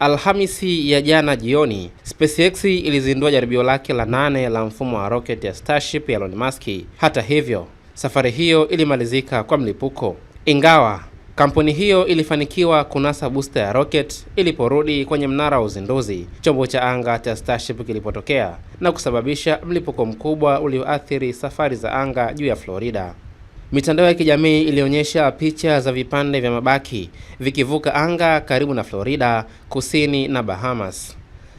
Alhamisi ya jana jioni, SpaceX ilizindua jaribio lake la nane la mfumo wa rocket ya Starship ya Elon Musk. Hata hivyo, safari hiyo ilimalizika kwa mlipuko. Ingawa kampuni hiyo ilifanikiwa kunasa booster ya rocket iliporudi kwenye mnara wa uzinduzi, chombo cha anga cha Starship kilipotokea na kusababisha mlipuko mkubwa ulioathiri safari za anga juu ya Florida. Mitandao ya kijamii ilionyesha picha za vipande vya mabaki vikivuka anga karibu na Florida, kusini na Bahamas.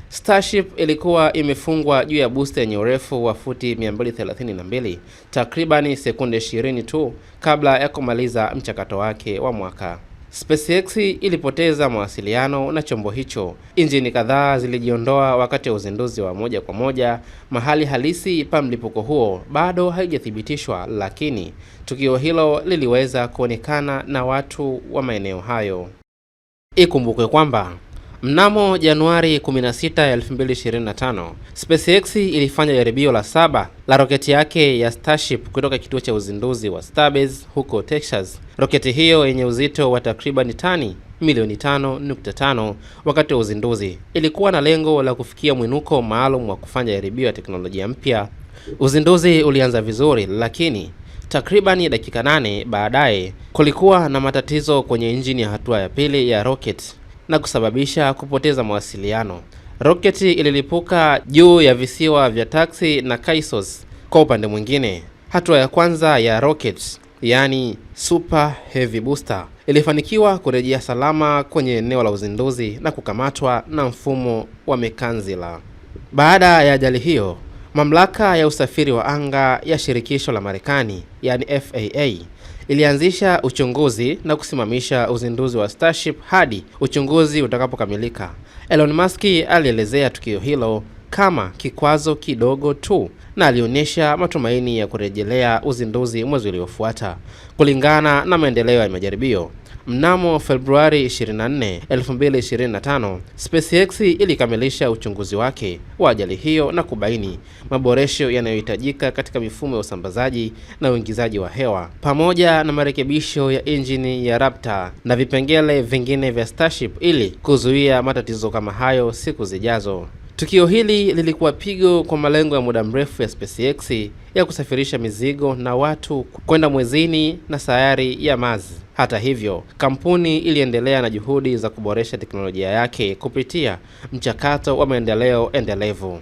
Starship ilikuwa imefungwa juu ya booster yenye urefu wa futi 232, takribani sekunde 20 tu kabla ya kumaliza mchakato wake wa mwaka. SpaceX ilipoteza mawasiliano na chombo hicho. Injini kadhaa zilijiondoa wakati wa uzinduzi wa moja kwa moja. Mahali halisi pa mlipuko huo bado haijathibitishwa, lakini tukio hilo liliweza kuonekana na watu wa maeneo hayo. Ikumbukwe kwamba Mnamo Januari 16, 2025, SpaceX ilifanya jaribio la saba la roketi yake ya Starship kutoka kituo cha uzinduzi wa Starbase huko Texas. Roketi hiyo yenye uzito wa takriban tani milioni 5.5 wakati wa uzinduzi ilikuwa na lengo la kufikia mwinuko maalum wa kufanya jaribio ya teknolojia mpya. Uzinduzi ulianza vizuri, lakini takribani dakika nane baadaye kulikuwa na matatizo kwenye injini ya hatua ya pili ya roketi na kusababisha kupoteza mawasiliano. Roketi ililipuka juu ya visiwa vya taxi na Kaisos. Kwa upande mwingine, hatua ya kwanza ya rocket yani super heavy booster ilifanikiwa kurejea salama kwenye eneo la uzinduzi na kukamatwa na mfumo wa Mekanzila. Baada ya ajali hiyo, mamlaka ya usafiri wa anga ya shirikisho la Marekani yani FAA ilianzisha uchunguzi na kusimamisha uzinduzi wa Starship hadi uchunguzi utakapokamilika. Elon Musk alielezea tukio hilo kama kikwazo kidogo tu na alionyesha matumaini ya kurejelea uzinduzi mwezi uliofuata kulingana na maendeleo ya majaribio. Mnamo Februari 24, 2025, SpaceX ilikamilisha uchunguzi wake wa ajali hiyo na kubaini maboresho yanayohitajika katika mifumo ya usambazaji na uingizaji wa hewa pamoja na marekebisho ya injini ya Raptor na vipengele vingine vya Starship ili kuzuia matatizo kama hayo siku zijazo. Tukio hili lilikuwa pigo kwa malengo ya muda mrefu ya SpaceX ya kusafirisha mizigo na watu kwenda mwezini na sayari ya Mars. Hata hivyo, kampuni iliendelea na juhudi za kuboresha teknolojia yake kupitia mchakato wa maendeleo endelevu.